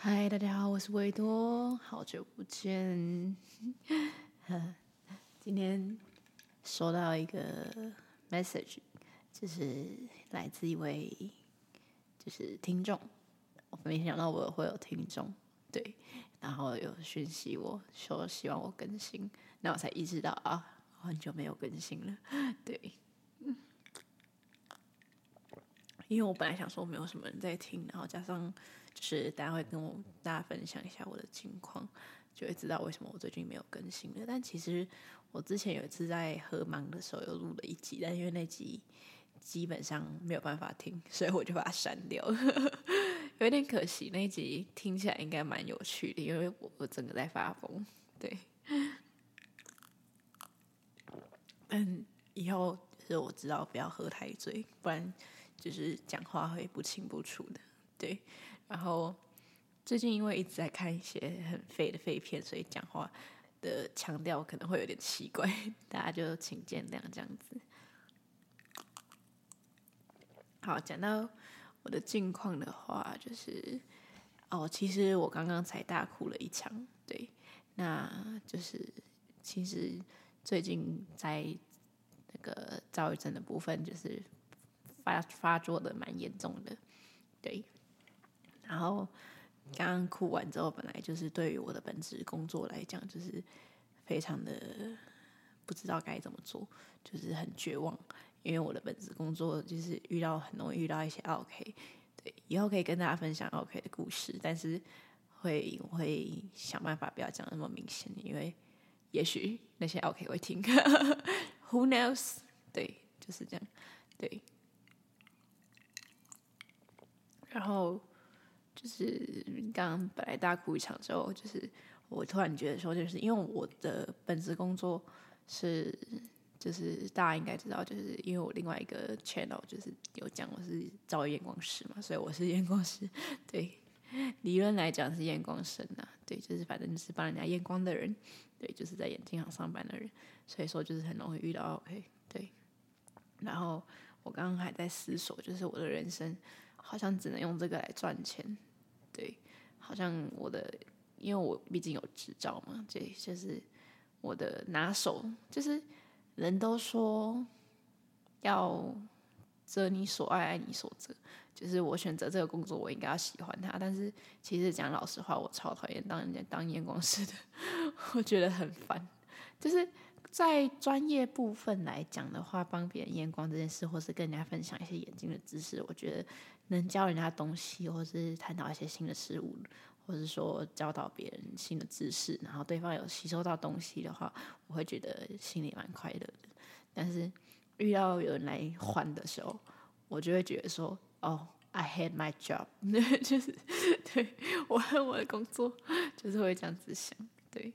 嗨，大家好，我是維多，好久不見。 今天收到一個 message，就是來自一位就是聽眾，我沒想到我會有聽眾，對，然後有訊息我，說希望我更新，那我才意識到啊，很久沒有更新了，對，因為我本來想說沒有什麼人在聽，然後加上。是待會跟大家分享一下我的情況，就會知道為什麼我最近沒有更新了。但其實我之前有一次在喝茫的時候，又錄了一集，但因為那集基本上沒有辦法聽，所以我就把它刪掉了。 有點可惜，那集聽起來應該蠻有趣的，因為我我整個在發瘋。對，嗯，以後是我知道不要喝太醉，不然就是講話會不清不楚的。對。然後最近因為一直在看一些很廢的廢片，所以講話的腔調可能會有點奇怪，大家就請見諒這樣子。好，講到我的近況的話，就是哦，其實我剛剛才大哭了一場，對，那就是其實最近在那個躁鬱症的部分，就是發發作的蠻嚴重的，對。然後剛哭完之後，本來就是對於我的本職工作來講，就是非常的不知道該怎麼做，就是很絕望。因為我的本職工作就是遇到很容易遇到一些 OK，對，以後可以跟大家分享 OK 的故事，但是會會想辦法不要講那麼明顯，因為也許那些 OK 會聽 ，Who knows？對，就是這樣，對。然後。就是剛剛本來大哭一場之後，就是我突然覺得說，就是因為我的本職工作是，就是大家應該知道，就是因為我另外一個 channel 就是有講我是招驗光師嘛，所以我是驗光師，對，理論來講是驗光師呢，啊，對，就是反正就是幫人家驗光的人，對，就是在眼鏡行上班的人，所以說就是很容易遇到，OK，對。然後我剛剛還在思索，就是我的人生好像只能用這個來賺錢。對，好像我的，因為我畢竟有執照嘛，對，就是我的拿手，就是人都說要擇你所愛，愛你所擇，就是我選擇這個工作，我應該要喜歡它。但是其實講老實話，我超討厭當人家當驗光師的，我覺得很煩。就是在專業部分來講的話，幫別人驗光這件事，或是跟人家分享一些眼睛的知識，我覺得。能教人家東西，或是探討一些新的事物，或是說教導別人新的知識，然後對方有吸收到東西的話，我會覺得心裡蠻快樂的。但是遇到有人來換的時候，我就會覺得說：“哦、oh,，I hate my job。 ”就是對，我恨我的工作，就是會這樣子想。對，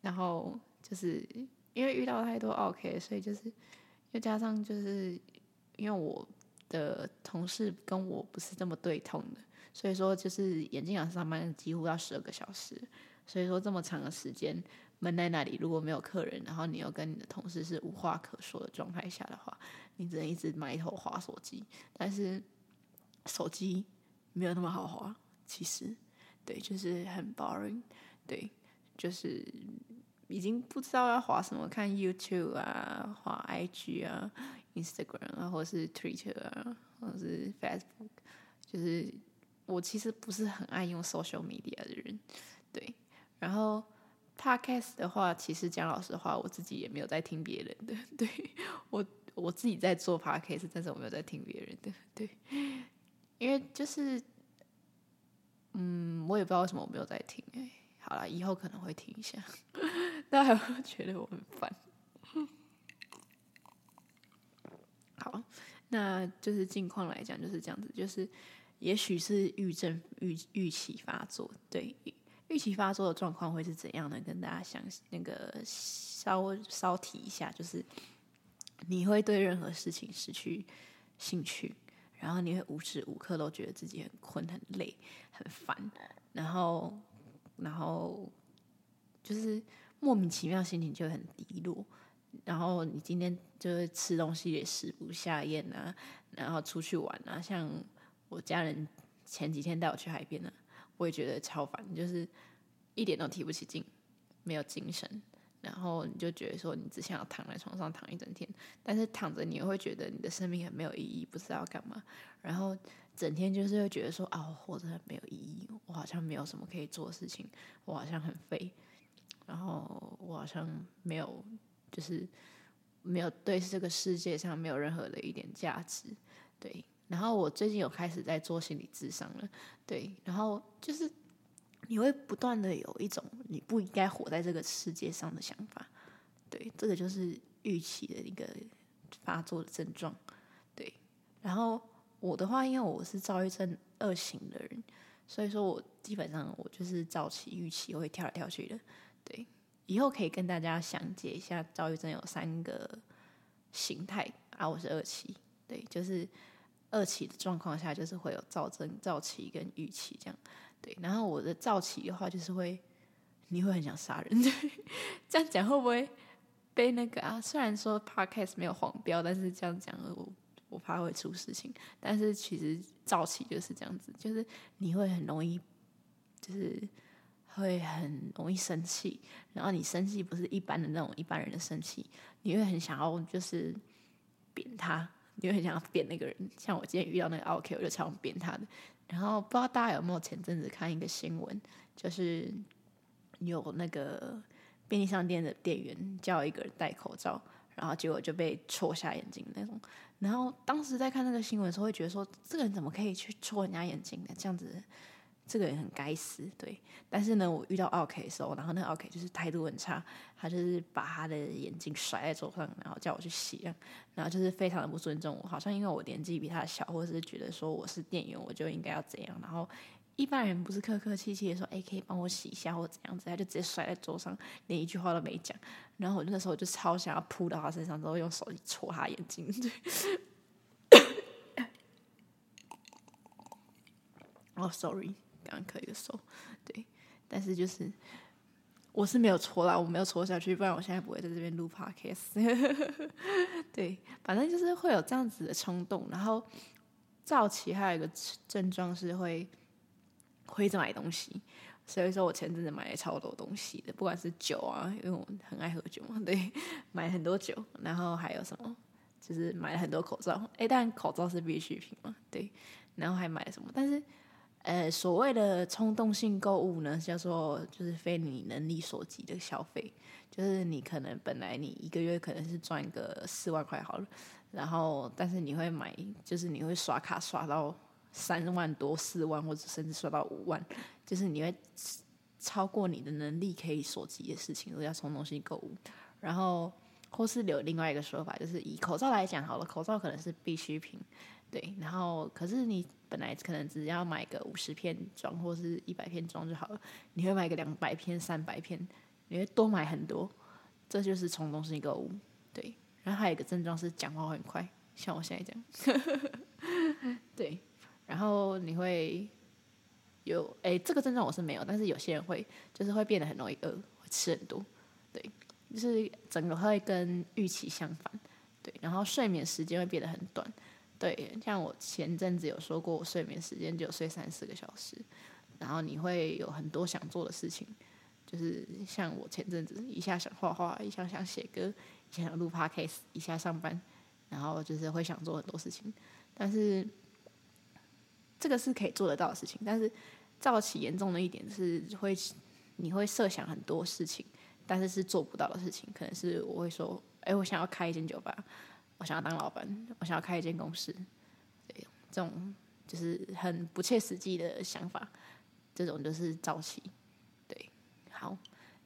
然後就是因為遇到太多 OK，所以就是又加上就是因為我。的同事跟我不是這麼對痛的，所以說就是眼鏡廠上班幾乎要十二個小時，所以說這麼長的時間，悶在那裡如果沒有客人，然後你又跟你的同事是無話可說的狀態下的話，你只能一直埋頭划手機，但是手機沒有那麼好划，其實，對，就是很 boring，對，就是。已經不知道要滑什麼，看 YouTube 啊，滑 IG 啊，Instagram 啊，或者是 Twitter 啊，或者是 Facebook，就是我其實不是很愛用 social media 的人，對。然後 podcast 的話，其實講老實話，我自己也沒有在聽別人的，對。我我自己在做 podcast，但是我沒有在聽別人的，對。因為就是，嗯，我也不知道為什麼我沒有在聽，哎，好了，以後可能會聽一下。 我覺得我很煩。好，那就是近況來講就是這樣子，就是也許是鬱症鬱鬱期發作，對，鬱鬱期發作的狀況會是怎樣呢？跟大家想那個稍稍提一下，就是你會對任何事情失去興趣，然後你會無時無刻都覺得自己很睏、很累、很煩，然後然後就是。莫名其妙心情就很低落，然後你今天就是吃東西也食不下嚥啊，然後出去玩啊，像我家人前幾天帶我去海邊呢、啊，我也覺得超煩，就是一點都提不起勁，沒有精神，然後你就覺得說你只想要躺在床上躺一整天，但是躺着你又會覺得你的生命很沒有意義，不知道幹嘛，然後整天就是會覺得說啊，我活着很沒有意義，我好像沒有什麼可以做的事情，我好像很廢。然後我好像沒有，就是沒有對這個世界上沒有任何的一點價值，對。然後我最近有開始在做心理諮商了，對。然後就是你會不斷的有一種你不應該活在這個世界上的想法，對。這個就是鬱期的一個發作的症狀，對。然後我的話，因為我是躁鬱症二型的人，所以說我基本上我就是躁期鬱期我會跳來跳去的。對，以後可以跟大家詳解一下躁鬱症，有三個形態啊，我是二期，對，就是二期的狀況下就是會有躁症、躁期跟鬱期這樣，對，然後我的躁期的話就是會，你會很想殺人，對，這樣講會不會被那個啊？雖然說 podcast 沒有黃標，但是這樣講我我怕會出事情，但是其實躁期就是這樣子，就是你會很容易就是。會很容易生氣，然後你生氣不是一般的那種一般人的生氣，你會很想要就是扁他，你會很想要扁那個人。像我今天遇到那個奧客，我就常常扁他的。然後不知道大家有沒有前陣子看一個新聞，就是有那個便利商店的店員叫一個人戴口罩，然後結果就被戳瞎眼睛那種。然後當時在看那個新聞的時候，會覺得說，這個人怎麼可以去戳人家眼睛呢？這樣子。這個人很該死，對。但是呢，我遇到 OK 的時候，然後那個 OK 就是態度很差，他就是把他的眼鏡甩在桌上，然後叫我去洗啊，然後就是非常的不尊重我。好像因為我年紀比他小，或者是覺得說我是店員，我就應該要怎樣。然後一般人不是客客氣氣的說，哎，可以幫我洗一下或怎樣子，他就直接甩在桌上，連一句話都沒講。然後我就那時候就超想要撲到他身上，之後用手去戳他眼睛。對。哦、 oh，sorry。這樣可以收，對，但是就是我是沒有戳啦，我沒有戳下去，不然我現在不會在這邊錄 podcast。對，反正就是會有這樣子的衝動。然後躁期還有一個症狀是會一直買東西，所以說我前陣子買了超多東西的，不管是酒啊，因為我很愛喝酒嘛，對，買了很多酒。然後還有什麼，就是買了很多口罩，哎、欸，但口罩是必需品嘛，對。然後還買了什麼？但是。呃，所謂的衝動性購物呢，叫做就是非你能力所及的消費，就是你可能本來你一個月可能是賺個四萬塊好了，然後但是你會買，就是你會刷卡刷到三萬多、四萬，或者甚至刷到五萬，就是你會超過你的能力可以所及的事情，所以叫衝動性購物。然後或是有另外一個說法，就是以口罩來講好了，口罩可能是必需品。對，然後可是你本來可能只要買個五十片裝或是一百片裝就好了，你會買個兩百片、三百片，你會多買很多。這就是衝動性購物。對，然後還有一個症狀是講話會很快，像我現在這樣。 對，然後你會有，哎，這個症狀我是沒有，但是有些人會，就是會變得很容易餓，會吃很多。對，就是整個會跟預期相反。對，然後睡眠時間會變得很短。對，像我前陣子有說過，我睡眠時間就睡三四個小時，然後你會有很多想做的事情，就是像我前陣子一下想畫畫，一下想寫歌，一下想錄 podcast，一下上班，然後就是會想做很多事情。但是這個是可以做得到的事情，但是造起嚴重的一點是會，你會設想很多事情，但是是做不到的事情。可能是我會說，哎，我想要開一間酒吧。我想要當老闆，我想要開一間公司，對，這種就是很不切實際的想法，這種就是早期。對，好，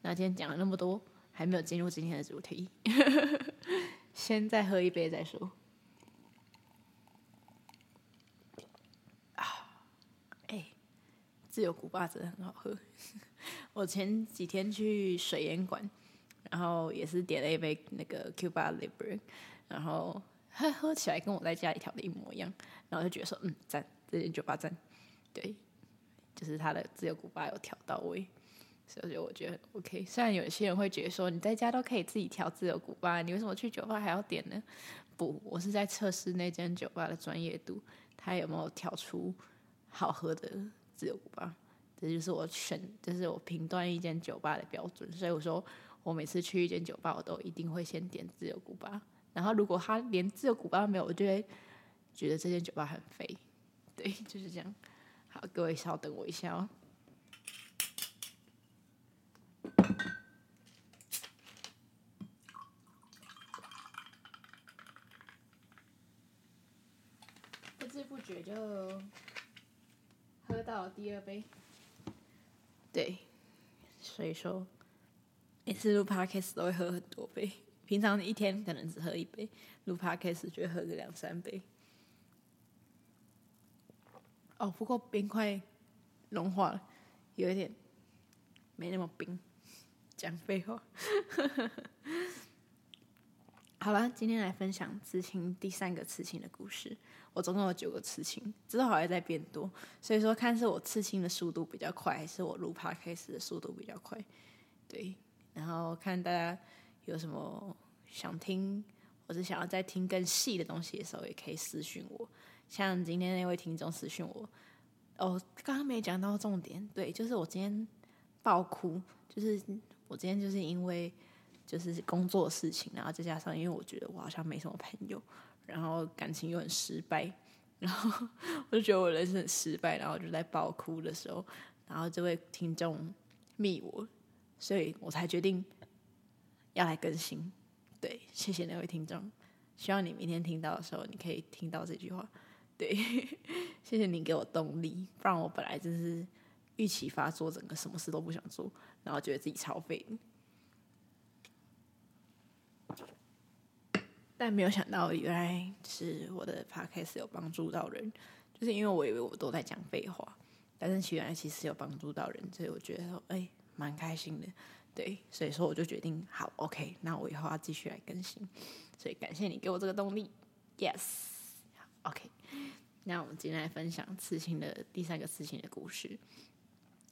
那今天講了那麼多，還沒有進入今天的主題， 先再喝一杯再說。啊，哎、欸，自由古巴真的很好喝。 我前幾天去水煙館，然後也是點了一杯那個 Cuba Libre。然後喝喝起來跟我在家裡調的一模一樣，然後就覺得說，嗯，讚，這間酒吧讚，對，就是他的自由古巴有調到位，所以我覺得 OK。雖然有些人會覺得說，你在家都可以自己調自由古巴，你為什麼去酒吧還要點呢？不，我是在測試那間酒吧的專業度，他有沒有調出好喝的自由古巴，這就是我選，就是我評斷一間酒吧的標準。所以我說，我每次去一間酒吧，我都一定會先點自由古巴。然後，如果他連自由古巴都沒有，我就會覺得這間酒吧很廢。對，就是這樣。好，各位稍等我一下哦。不知不覺就喝到了第二杯。對，所以說，每次錄 podcast 都會喝很多杯。平常一天可能只喝一杯，錄 podcast 就喝個兩三杯。哦，不過冰塊融化了，有一點沒那麼冰。講廢話。 好了，今天來分享刺青，第三個刺青的故事。我總共有九個刺青，之後好像在變多。所以說，看是我刺青的速度比較快，還是我錄 podcast 的速度比較快？對，然後看大家。有什麼想聽，或者想要再聽更細的東西的時候，也可以私信我。像今天那位聽眾私信我，哦，剛剛沒講到重點，對，就是我今天爆哭，就是我今天就是因為就是工作的事情，然後再加上因為我覺得我好像沒什麼朋友，然後感情又很失敗，然後我就覺得我人生很失敗，然後就在爆哭的時候，然後這位聽眾密我，所以我才決定。要來更新，對，謝謝那位聽眾。希望你明天聽到的時候，你可以聽到這句話。對， 謝謝你給我動力，不然我本來就是預期發作，整個什麼事都不想做，然後覺得自己超廢。但沒有想到，原來是我的 podcast 有幫助到人，就是因為我以為我都在講廢話，但是其實原來其實有幫助到人，所以我覺得說，哎，蠻開心的。對，所以說我就決定好，OK，那我以後要繼續來更新，所以感謝你給我這個動力，Yes，OK，那我們今天來分享刺青的第三個刺青的故事。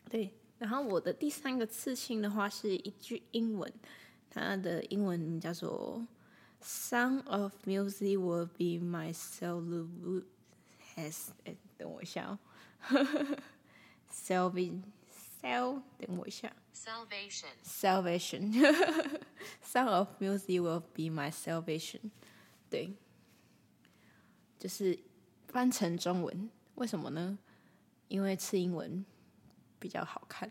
對，然後我的第三個刺青的話是一句英文，它的英文叫做 “Song of music will be my Selby”，等我一下哦，Selby。Sal，、so，等我一下。Salvation，Salvation，s 哈哈哈哈 Sound of music will be my salvation，對，就是翻成中文，為什麼呢？因為次英文比較好看，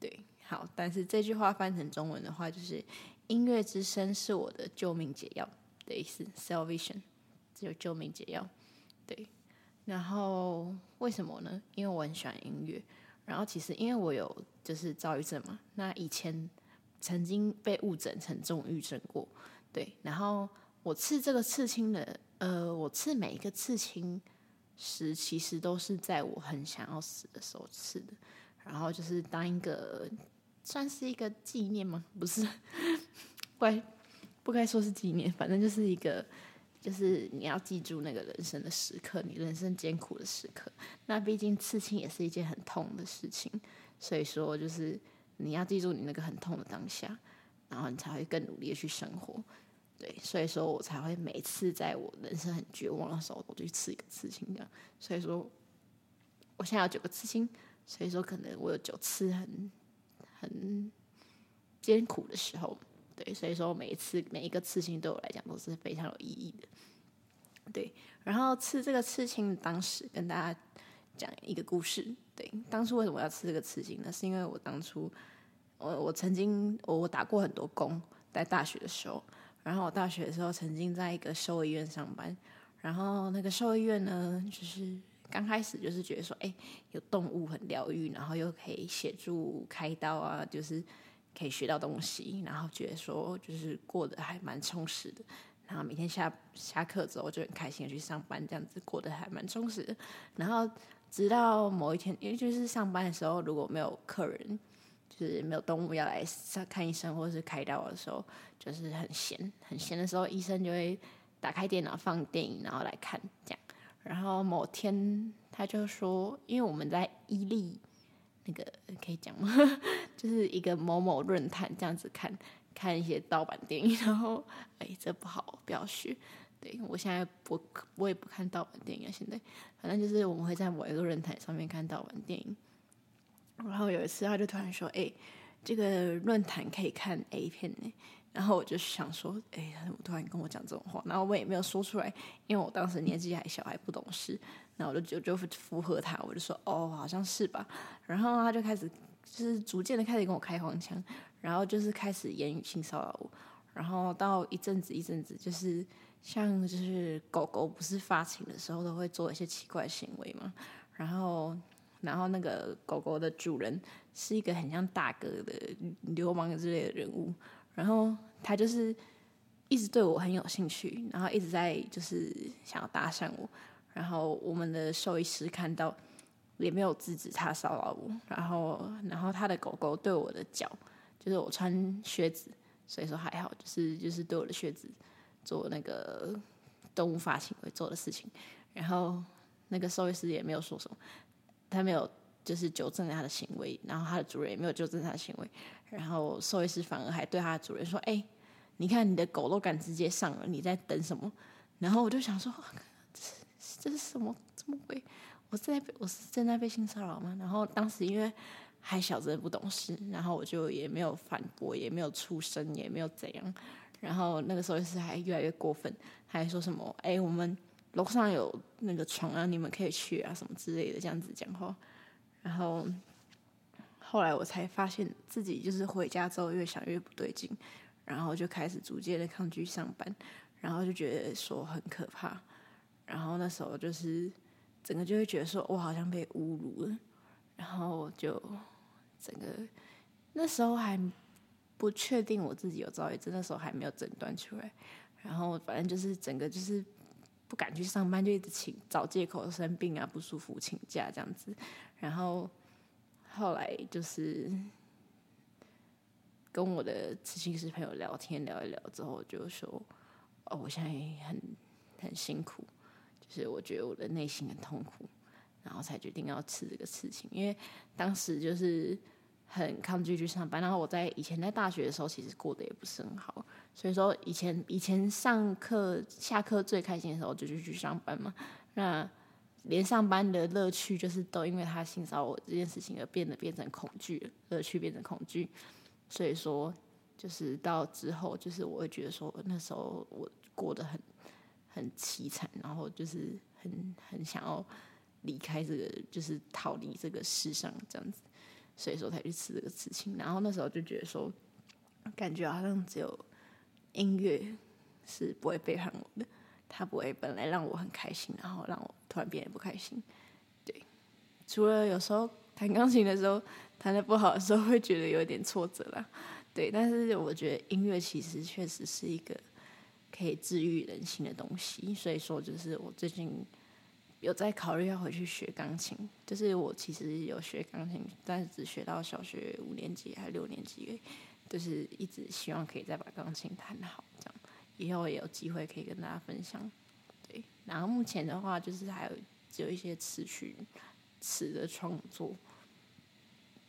對，好，但是這句話翻成中文的話，就是音樂之聲是我的救命解藥的意思，Salvation，只有救命解藥，對，然後為什麼呢？因為我很喜歡音樂。然後其實因為我有就是躁鬱症嘛，那以前曾經被誤診成重鬱症過，對。然後我刺這個刺青的，呃，我刺每一個刺青時，其實都是在我很想要死的時候刺的。然後就是當一個算是一個紀念嗎？不是，該、嗯、 不該說是紀念？反正就是一個。就是你要記住那個人生的時刻，你人生艱苦的時刻。那畢竟刺青也是一件很痛的事情，所以說就是你要記住你那個很痛的當下，然後你才會更努力的去生活。對，所以說我才會每次在我人生很絕望的時候，我就去刺一個刺青這樣。所以說我現在有九個刺青，所以說可能我有九次很很艱苦的時候。對，所以說每一次每一個刺青對我來講都是非常有意義的。對，然後刺這個刺青，當時跟大家講一個故事。對，當初為什麼要刺這個刺青呢？是因為我當初，我我曾經我打過很多工，在大學的時候，然後我大學的時候曾經在一個獸醫院上班，然後那個獸醫院呢，就是剛開始就是覺得說，哎，有動物很療癒，然後又可以協助開刀啊，就是。可以學到東西，然後覺得說就是過得還蠻充實的。然後每天下下課之後就很開心的去上班，這樣子過得還蠻充實的。然後直到某一天，因為就是上班的時候，如果沒有客人，就是沒有動物要來上看醫生或是開刀的時候，就是很閒很閒的時候，醫生就會打開電腦放電影然後來看這樣。然後某天他就說，因為我們在伊利。那個可以講嗎？ 就是一個某某論壇這樣子看看一些盜版電影，然後哎、欸，這不好，不要學。對我現在我我也不看盜版電影了，現在反正就是我們會在某一個論壇上面看盜版電影。然後有一次他就突然說：“哎、欸，這個論壇可以看 A 片呢、欸。”然後我就想說：“哎、欸，他怎麼突然跟我講這種話？”然後我也沒有說出來，因為我當時年紀還小，還不懂事。那我就就就附和他，我就說哦，好像是吧。然後他就開始，就是逐漸的開始跟我開黃腔，然後就是開始言語性騷擾我。然後到一陣子一陣子，就是像就是狗狗不是發情的時候都會做一些奇怪行為嘛。然後然後那個狗狗的主人是一個很像大哥的流氓之類的人物。然後他就是一直對我很有興趣，然後一直在就是想要搭訕我。然後我們的獸醫師看到，也沒有制止他騷擾我。然後，然後他的狗狗對我的腳，就是我穿靴子，所以說還好，就是就是對我的靴子做那個動物發行為做的事情。然後那個獸醫師也沒有說什麼，他沒有就是糾正他的行為。然後他的主人也沒有糾正他的行為。然後獸醫師反而還對他的主人說：“哎，你看你的狗都敢直接上了，你在等什麼？”然後我就想說。這是什麼？這麼貴？我正在被，我是正在被性騷擾嗎？然後當時因為還小，真的不懂事，然後我就也沒有反駁，也沒有出聲，也沒有怎樣。然後那個時候是還越來越過分，還說什麼，哎，我們樓上有那個床啊，你們可以去啊什麼之類的，這樣子講話。然後後來我才發現自己，就是回家之後越想越不對勁，然後就開始逐漸的抗拒上班，然後就覺得說很可怕。然後那時候就是，整個就會覺得說，我好像被侮辱了，然後就整個那時候還不確定我自己有躁鬱症，那時候還沒有診斷出來，然後反正就是整個就是不敢去上班，就一直請找借口生病啊、不舒服請假這樣子，然後後來就是跟我的諮詢師朋友聊天聊一聊之後，就說，哦，我現在很很辛苦。所以我覺得我的內心很痛苦，然後才決定要刺這個事情。因為當時就是很抗拒去上班，然後我在以前在大學的時候其實過得也不是很好，所以說以前以前上課下課最開心的時候就去去上班嘛。那連上班的樂趣就是都因為他欣賞我這件事情而變得變成恐懼了，樂趣變成恐懼。所以說就是到之後就是我會覺得說那時候我過得很很淒慘，然後就是很很想要離開這個，就是逃離這個世上這樣子，所以說才去吃這個刺青。然後那時候就覺得說，感覺好像只有音樂是不會背叛我的，它不會本來讓我很開心，然後讓我突然變得不開心。對，除了有時候彈鋼琴的時候彈得不好的時候，會覺得有點挫折啦。對，但是我覺得音樂其實確實是一個。可以治癒人心的東西，所以說就是我最近有在考慮要回去學鋼琴。就是我其實有學鋼琴，但是只學到小學五年級還有六年級，就是一直希望可以再把鋼琴彈好。這樣以後也有機會可以跟大家分享。對，然後目前的話就是還有只有一些詞曲詞的創作。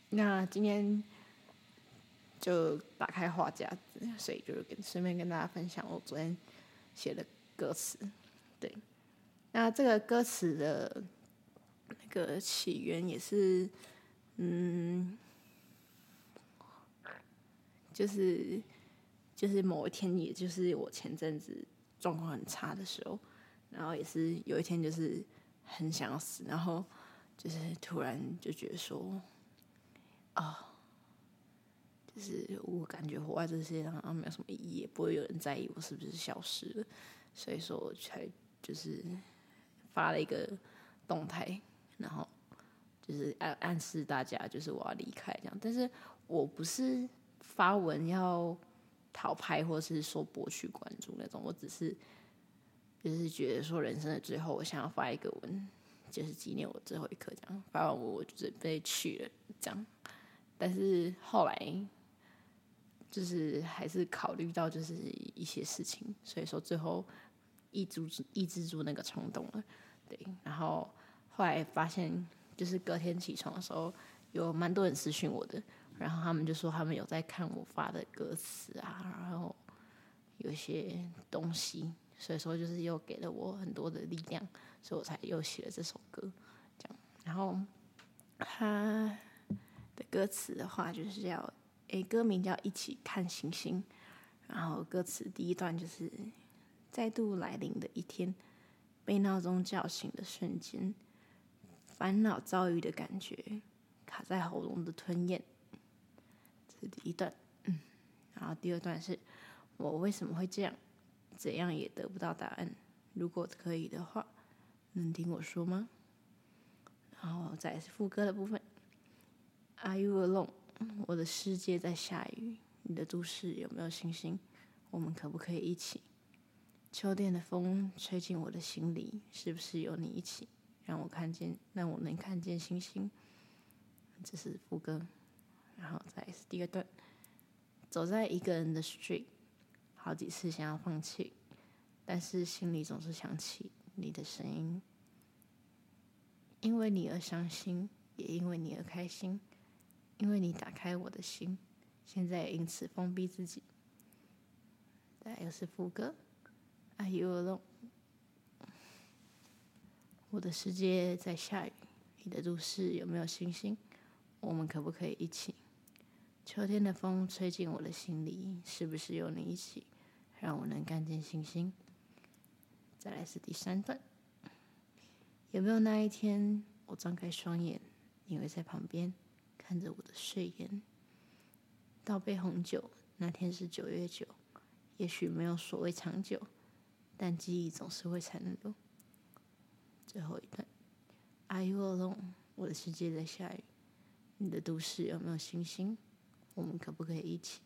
那今天。就打開話匣子，所以就是順便跟大家分享我昨天寫的歌詞。對，那這個歌詞的那個起源也是，嗯，就是就是某一天，也就是我前陣子狀況很差的時候，然後也是有一天就是很想死，然後就是突然就覺得說，哦。是我感覺活在這世界上好像沒有什麼意義，也不會有人在意我是不是消失了，所以說我才就是發了一個動態，然後就是暗暗示大家，就是我要離開這樣。但是我不是發文要討拍或是說博取關注那種，我只是就是覺得說人生的最後，我想要發一個文，就是紀念我最後一刻這樣。發完我我就準備去了這樣，但是後來。就是還是考慮到就是一些事情，所以說最後抑制抑制住那個衝動了，對。然後後來發現，就是隔天起床的時候，有蠻多人私訊我的，然後他們就說他們有在看我發的歌詞啊，然後有些東西，所以說就是又給了我很多的力量，所以我才又寫了這首歌。這樣，然後他的歌詞的話就是要。哎，歌名叫《一起看星星》，然後歌詞第一段就是“再度來臨的一天，被鬧鐘叫醒的瞬間，煩惱遭遇的感覺，卡在喉嚨的吞嚥”。這是第一段，嗯，然後第二段是“我為什麼會這樣？怎樣也得不到答案。如果可以的話，能聽我說嗎？”然後再是副歌的部分：“Are you alone？” 我的世界在下雨，你的都市有沒有星星？我們可不可以一起？秋天的風吹進我的心裡，是不是有你一起，讓我看見，讓我能看見星星？這是副歌，然後再是第二段。走在一個人的 street，好幾次想要放棄，但是心裡總是想起你的聲音。因為你而傷心，也因為你而開心。因為你打開我的心，現在也因此封閉自己。再來，又是副歌。Are you alone?，我的世界在下雨，你的都市有沒有星星？我們可不可以一起？秋天的風吹進我的心裡，是不是有你一起，讓我能看見星星？再來是第三段。有沒有那一天，我張開雙眼，你會在旁邊？看着我的睡顏，倒杯紅酒。那天是九月九，也許沒有所謂長久，但記憶總是會殘留。最後一段，Are you alone，我的世界在下雨。你的都市有沒有星星？我們可不可以一起？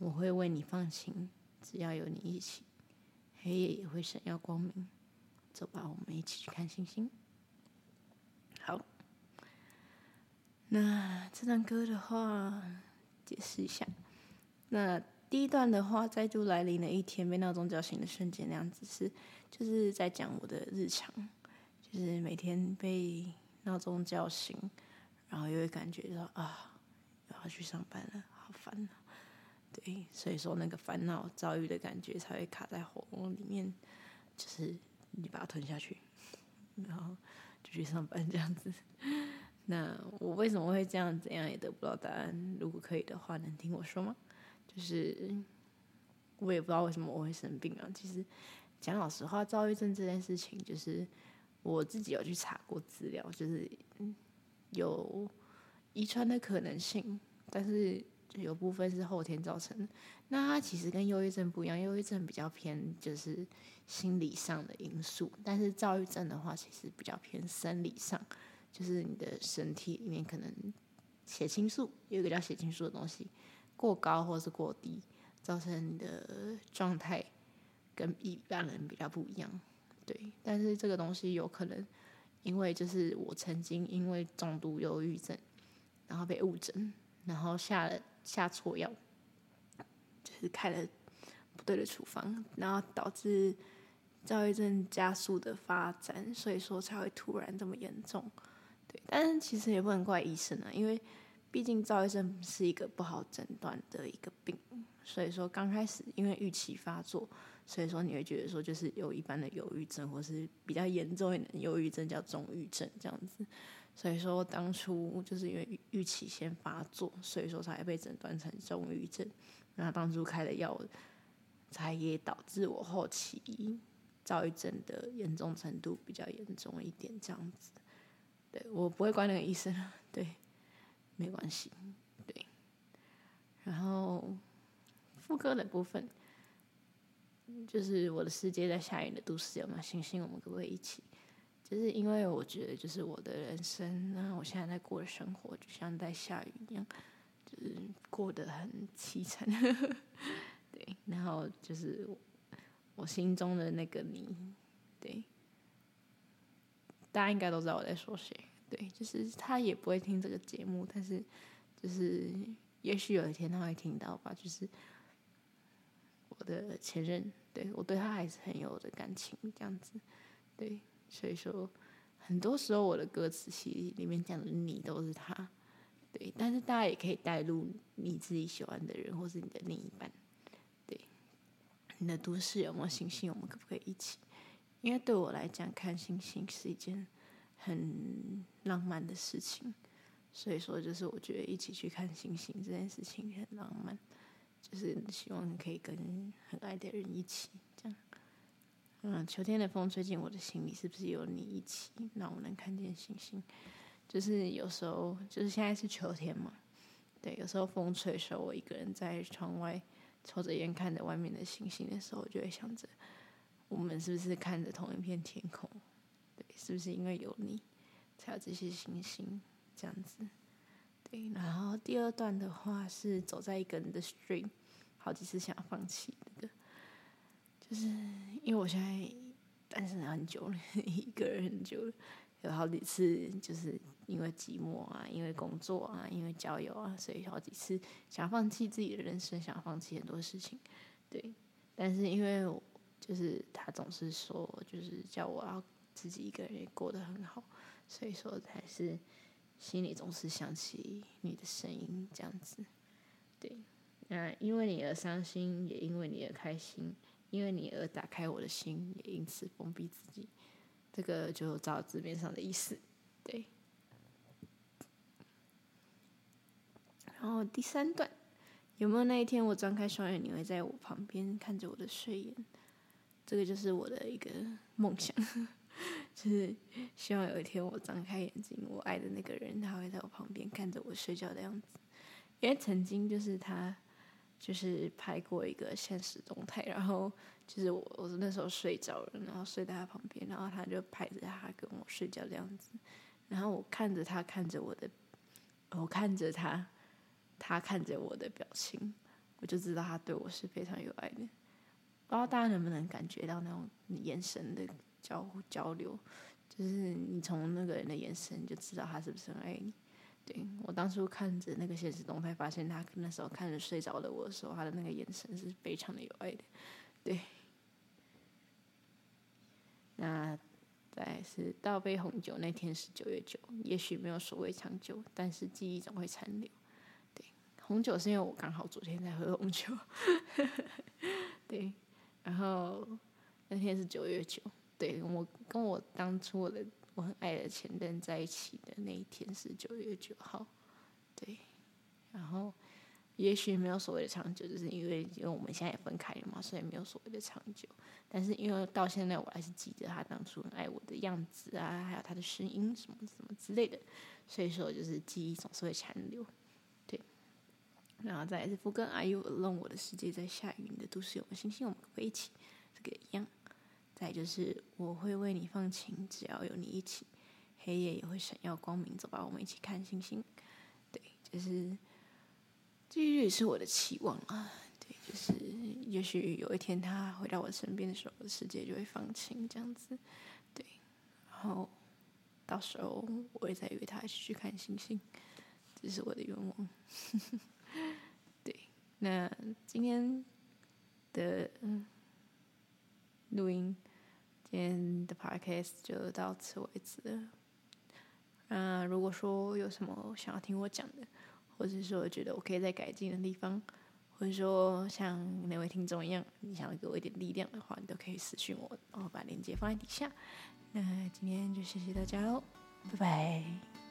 我會為你放晴，只要有你一起，黑夜也會閃耀光明。走吧，我們一起去看星星。那這段歌的話，解釋一下。那第一段的話，再度來臨的一天，被鬧鐘叫醒的瞬間，那樣子是就是在講我的日常，就是每天被鬧鐘叫醒，然後又會感覺到啊，我要去上班了，好煩啊。對，所以說那個煩惱遭遇的感覺才會卡在喉嚨裡面，就是你把它吞下去，然後就去上班這樣子。那我為什麼會這樣？怎樣也得不到答案。如果可以的話，能聽我說嗎？就是我也不知道為什麼我會生病啊。其實講老實話，躁鬱症這件事情，就是我自己有去查過資料，就是有遺傳的可能性，但是有部分是後天造成。那它其實跟憂鬱症不一樣，憂鬱症比較偏就是心理上的因素，但是躁鬱症的話，其實比較偏生理上。就是你的身體裡面可能血清素，有一個叫血清素的東西過高或者是過低，造成你的狀態跟一般人比較不一樣。對，但是這個東西有可能因為就是我曾經因為重度憂鬱症，然後被誤診，然後下了下錯藥，就是開了不對的處方，然後導致躁鬱症加速的發展，所以說才會突然這麼嚴重。對，但是其實也不能怪醫生啊，因為畢竟躁鬱症是一個不好診斷的一個病，所以說剛開始因為預期發作，所以說你會覺得說就是有一般的憂鬱症，或是比較嚴重一點憂鬱症叫重鬱症這樣子，所以說當初就是因為預期先發作，所以說才被診斷成重鬱症，那當初開的藥，才也導致我後期躁鬱症的嚴重程度比較嚴重一點這樣子。我不會管那個醫生，對，沒關係，對。然後副歌的部分，就是我的世界在下雨的都市，有沒有星星？我們可不可以一起？就是因為我覺得，就是我的人生，然後我現在在過的生活，就像在下雨一樣，就是過得很淒慘。對，然後就是我心中的那個你，對，大家應該都知道我在說誰。對，就是他也不會聽這個節目，但是，就是也許有一天他會聽到吧。就是我的前任，對，我對他還是很有的感情這樣子。對，所以說很多時候我的歌詞其實裡面講的是你都是他。對，但是大家也可以帶入你自己喜歡的人或是你的另一半。對，你的都市有沒有星星？我們可不可以一起？因為對我來講，看星星是一件，很浪漫的事情，所以說，就是我覺得一起去看星星這件事情很浪漫，就是希望可以跟很愛的人一起這樣。嗯，秋天的風吹進我的心裡，是不是有你一起，讓我能看見星星？就是有時候，就是現在是秋天嘛，對，有時候風吹的時候，我一個人在窗外抽着煙，看着外面的星星的時候，我就會想着，我們是不是看着同一片天空？對，是不是因為有你，才有這些星星這樣子？對。然後第二段的話是走在一個人的 string，好幾次想要放棄那個，就是因為我現在單身很久了，一個人很久了，有好幾次就是因為寂寞啊，因為工作啊，因為交友啊，所以好幾次想要放棄自己的人生，想要放棄很多事情。對。但是因為我就是他總是說，就是叫我要。自己一個人也過得很好，所以說還是心裡總是想起你的聲音這樣子。對，那因為你而傷心，也因為你而開心，因為你而打開我的心，也因此封閉自己。這個就照字面上的意思。對。然後第三段，有沒有那一天我張開雙眼，你會在我旁邊看着我的睡眼？這個就是我的一個夢想。 就是希望有一天我張開眼睛，我愛的那個人他會在我旁邊看着我睡覺的樣子。因為曾經就是他，就是拍過一個限時動態，然後就是我我那時候睡着了，然後睡在他旁邊，然後他就拍着他跟我睡覺的樣子，然後我看着他看着我的，我看着他，他看着我的表情，我就知道他對我是非常有愛的。不知道大家能不能感覺到那種眼神的？交交流，就是你從那個人的眼神就知道他是不是很愛你。對，我當初看着那個現實動態，發現他那時候看着睡着的我的時候，他的那個眼神是非常的有愛的。對，那再是倒杯紅酒，那天是九月九，也許沒有所謂長久，但是記憶總會殘留。對，紅酒是因為我剛好昨天在喝紅酒。 對，然後那天是九月九。對，我跟我當初我的我很愛的前任在一起的那一天是九月九號，對。然後，也許沒有所謂的長久，就是因為因為我們現在也分開了嘛，所以沒有所謂的長久。但是因為到現在我還是記得他當初很愛我的樣子啊，還有他的聲音什麼什麼之類的，所以說就是記憶總是會殘留。對。然後再來是副跟 a r e y 我的世界在下雨，你的都市有星星有，我們會一起，這個也一樣。再就是，我會為你放晴，只要有你一起，黑夜也會閃耀光明。走吧，我們一起看星星。對，就是，這也是我的期望啊。對，就是，也許有一天他回到我身邊的時候，世界就會放晴，這樣子。對，然後，到時候我也再約他一起去看星星。這、就是我的願望，呵呵。對，那今天的，嗯，錄音。今天的 podcast 就到此為止了。那、啊、如果說有什麼想要聽我講的，或者是說覺得我可以再改進的地方，或者說像哪位聽眾一樣，你想要給我一點力量的話，你都可以私訊我，然後把鏈接放在底下。那今天就謝謝大家嘍、哦，拜拜。